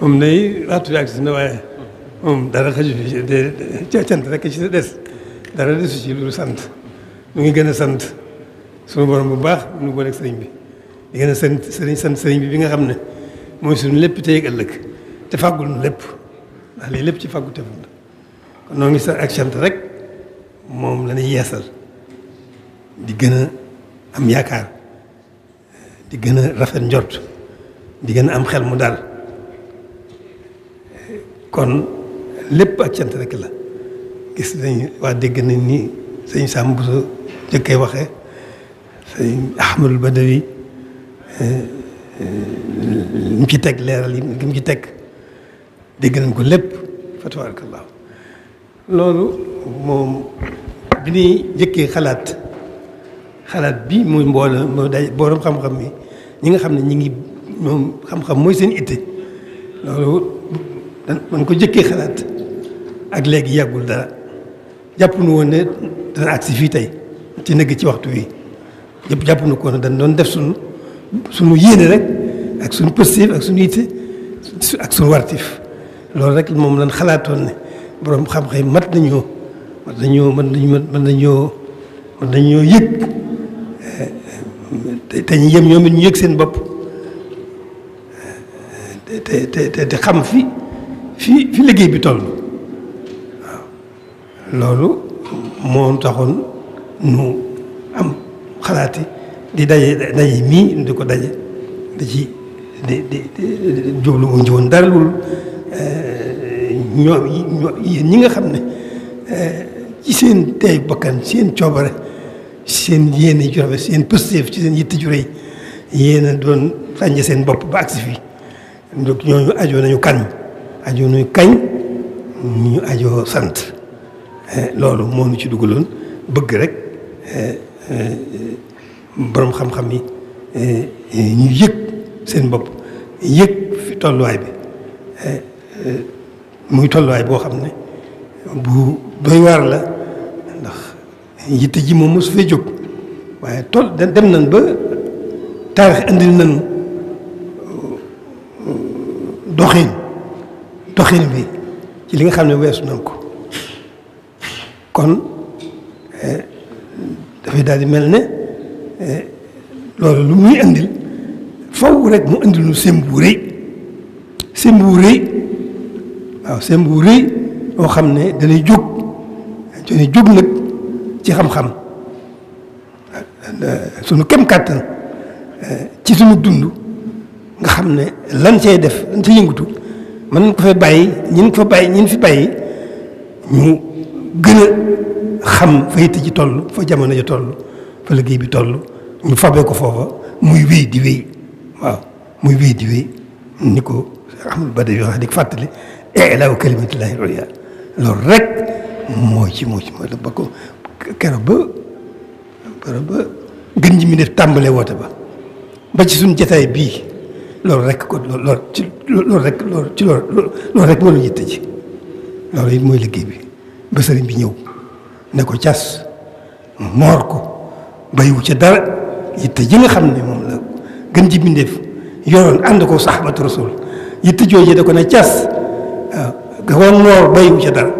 moom day waxtu ak si na waaye moom dara xaju fi de cant rek ci des dara desu ci lu sant ñu ngi gën a sant suñu borom bu baax ñu booleeg sëriñ bi di gën a sant sëriñ sant sëriñ bi bi nga xam ne mooy suñu lépp te ak ëllëg te fàggul nu lépp ale lii lépp ci fàggu teful la kon noo ngi sax ak cant rek moom la ñuy yeesal di gën a am yaakaar di gën a rafet njort di gën a am xel mu daal kon lépp ak cant rek la gis nañu waa dégg nañ ni sëñ Sam bu soo jëkkee waxe sëñ Ahmadul Badawi li eh, eh, mu ci teg leeral yi li mu ci teg dégg nañ ko lépp fa tabarakallah loolu moom bi ñuy njëkkee xalaat xalaat bi muy mbooloo moo day boroom xam-xam yi ñi nga xam ne ñi ngi ñoom xam-xam mooy seen itte loolu man ko jëkkee xalaat ak léegi yàggul dara jàpp nu woon ne dana agsi fii tey ci nëgg ci waxtu wi yëpp jàpp nu ko ne dañ doon def suñu suñu yéene rek ak suñu positif ak suñu itte ak suñu wartif loolu rek moom lan xalaatoon ne borom xam-xam mat nañoo mat nañoo mën mën nañoo mën nañoo yëg eh, eh, te ñu yem ñoom ñu yëg seen bopp te te te xam fi fi fi liggéey bi toll waaw loolu moo taxoon nu am xalaati di daje daje mii di ko daje di ci di di jublu wuñ ci woon dara loolu eh, ñoo yéen ñi nga xam ne eh, ci seen tey bakkan seen coobare seen yéene ju rafet seen pësteef ci seen yitte ju rëy yéen a doon fàññe seen bopp ba agsi fii ñooñu ajoo nañu kañ ajoo nañu kañ ñu ajoo sant eh, loolu moom ñu ci dugaloon bëgg rek eh, eh, boroom xam-xam yi ñu yëg seen bopp yëg fi tolluwaay bi muy tolluwaay boo xam ne bu doy waar la ndax yitte ji moom mosu fee jóg waaye toll dem nañ ba taarix andil nañ doxin doxin bi ci li nga xam ne weesu nañ ko kon eh, dafay daal di mel ne eh, loolu lu muy indil faw rek mu indil nu sémb bu rëy sémb bu rëy waaw sémb bu rëy boo xam ne danay jóg danay jóg nag ci xam-xam eh, sunu kem kàttan ci sunu dund xam ne lan cee def lan cee yëngatu mën nañ ko fa bàyyi ñin ko fa fi bàyyi ñu gën a xam fa yitte ji toll fa jamono ji toll fa liggéey bi toll ñu fabee ko foofa muy wéy di wéy waaw muy wéy di wéy ni ko amul ba day wax di fàttali ilaahu kalimatillahi al-ulya loolu rek moo ci moo ci moo ba ko keroog ba gën ji mi def tàmbale woote ba ba ci suñu jataay bii loolu rek kon loolu ci loolu rek loolu ci loolu loolu rek moo ñu yitte ji loolu it mooy liggéey bi ba sëriñ bi ñëw ne ko cas moor ko bayiwu ca dara yitte ji nga xam ne moom la gën ji bindeef yoroon ànd ko saxaabatu rasul yitte jooju da ko ne cas waaw ah, ga woon moor bayiwu ca dara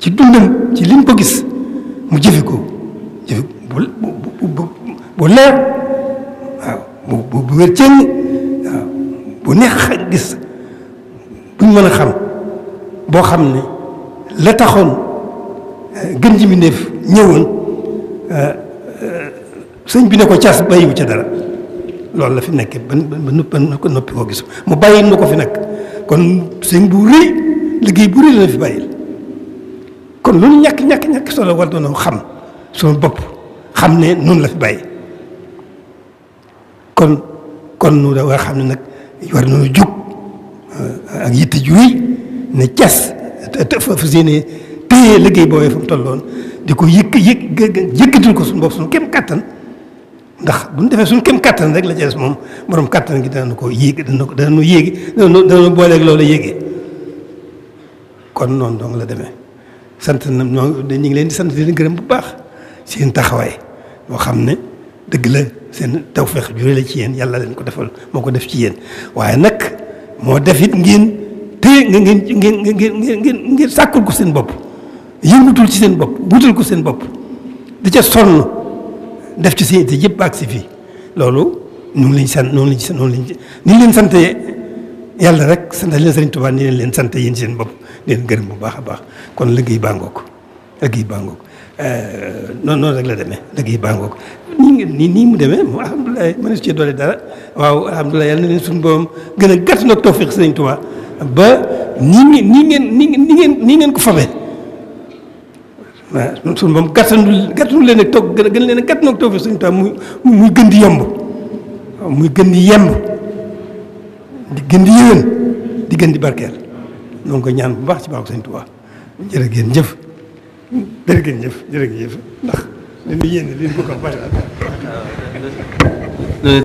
ci dundam ci lim ko gis mu jëfe ko jëfe bu bu bu leer waaw bu bu wér cëng bu neex a gis buñ mën a xam boo xam ne la taxoon eh, gën ji mbindéef ñëwoon eh, eh, sëñ bi ne ko caas bàyyiwu ca dara loolu la fi nekkee ba ba ba noppi koo mu bàyyi nu ko fi nekk kon sëñ bu liggéey bu rëy la kon loolu ñàkk ñàkk ñàkk solo war xam suñu bopp xam ne noonu la fi bàyyi kon kon nu da war xam ne nag war nañu jóg ak yitte ju ne cas fas yéene téye liggéey boobee fa mu tolloon di ko yëkk yëkk yëkkatil ko suñu bopp suñu kem kattan ndax bu ñu defee suñ kem kàttan rek la ca des moom borom kattan gi danañu ko yéeg dana ko danañu yéegi danañu danañu booleeg loolu yéegee kon noonu dong la demee sant na ñoo ñu ngi leen di sant di gërëm bu baax seen taxawaay boo xam ne. dëgg la seen tawféex jure la ci yéen yàlla leen ko defal moo ko def ci yéen waaye nag moo def it ngeen téye nga ngeen ngeen ngeen ngeen ko seen bopp yëngutul ci seen bopp wutal ko seen bopp di ca sonn def ci seen itte yëpp ak si loolu ñu ngi leen sant noonu lañ sant noonu lañ ni leen sant yàlla rek sant leen Sëriñ Tuubaa ni leen leen sant yéen seen bopp di leen gërëm bu baax a baax kon liggéey baa ngoog liggéey baa ngoog Euh, noonu noonu rek la demee liggéey baa ngoog nii nii nii mu demee moom alhamdulilah dara waaw alhamdulilah yàlla na leen suñu borom gën a gàtt nag tawfiq sëriñ Tuubaa ba nii nii nii ngeen nii ngeen nii ngeen ko fabee waaw suñu borom gàttandu gàttandu leen toog gën a gën leen a gàtt nag tawfiq sëriñ gën di yomb waaw muy gën di yemb di gën di yéwén di gën di barkeel ñoo ñaan bu baax ci baaxu sëriñ Tuubaa jërë ngeen jëf. jërë ngeen jëf jërë ngeen jëf ndax li ñu yéene li ñu bëgg a wax bari